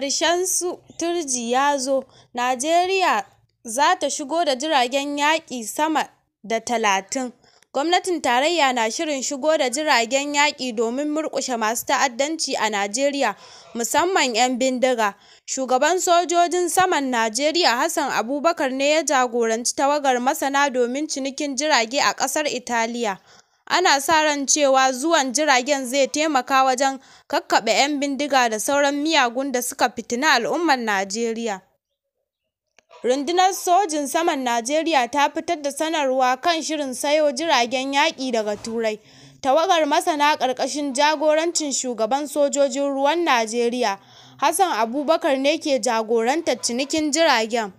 ƙarshensu turji ya zo, Najeriya za ta shigo da jiragen yaƙi sama da talatin. Gwamnatin tarayya na shirin shigo da jiragen yaƙi domin murƙushe masu ta'addanci a Najeriya, musamman 'yan bindiga. Shugaban sojojin saman Najeriya Hassan Abubakar ne ya jagoranci tawagar masana domin cinikin jirage a ƙasar Italiya. ana sa ran cewa zuwan jiragen zai taimaka wajen kakkaɓe 'yan bindiga da sauran miyagun da suka fitina al'ummar Najeriya. Rundunar Sojin Saman Najeriya ta fitar da sanarwa kan shirin sayo jiragen yaƙi daga Turai. Tawagar masana ƙarƙashin jagorancin shugaban sojojin ruwan Najeriya, Hassan Abubakar ne ke jagorantar cinikin jiragen.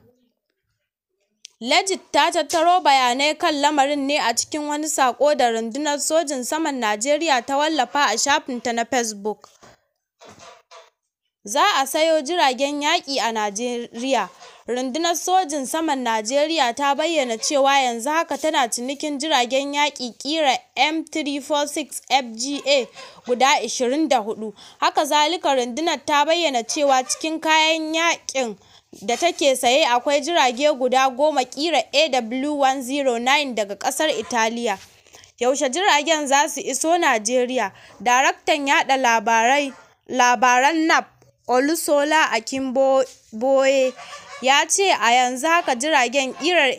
Legit ta tattaro bayanai kan lamarin ne a cikin wani saƙo da Rundunar Sojin Saman Najeriya ta wallafa a shafinta na facebook. Za a sayo jiragen yaƙi a Najeriya Rundunar Sojin Saman Najeriya ta bayyana cewa yanzu haka tana cinikin jiragen yaƙi ƙira M346 FGA guda 24. Haka zalika rundunar ta bayyana cewa cikin kayan yaƙin da take saye akwai jirage guda goma kira AW109 daga kasar Italiya. Yaushe jiragen za su iso Najeriya? Daraktan yada Labaran NAP Olusola Akinboye ya ce a yanzu haka jiragen ƙirar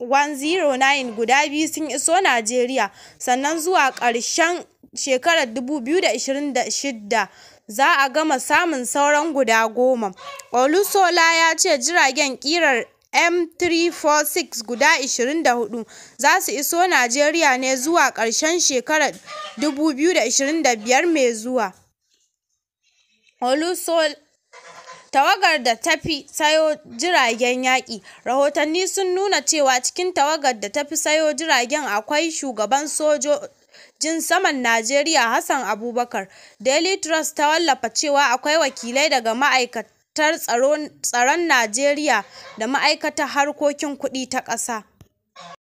AW109 guda biyu sun iso Najeriya sannan zuwa ƙarshen shekarar 2026 za a gama samun sauran guda goma. Olusola ya ce jiragen ƙirar M346 guda 24 za su iso Najeriya ne zuwa ƙarshen shekarar 2025 mai zuwa. olusol tawagar da ta fi sayo jiragen yaƙi rahotanni sun nuna cewa cikin tawagar da ta fi sayo jiragen akwai shugaban sojo jin saman Najeriya Hassan Abubakar, Daily Trust ta wallafa cewa akwai wakilai daga Ma'aikatar Tsaron Najeriya da Ma'aikatar Harkokin Kuɗi ta Ƙasa.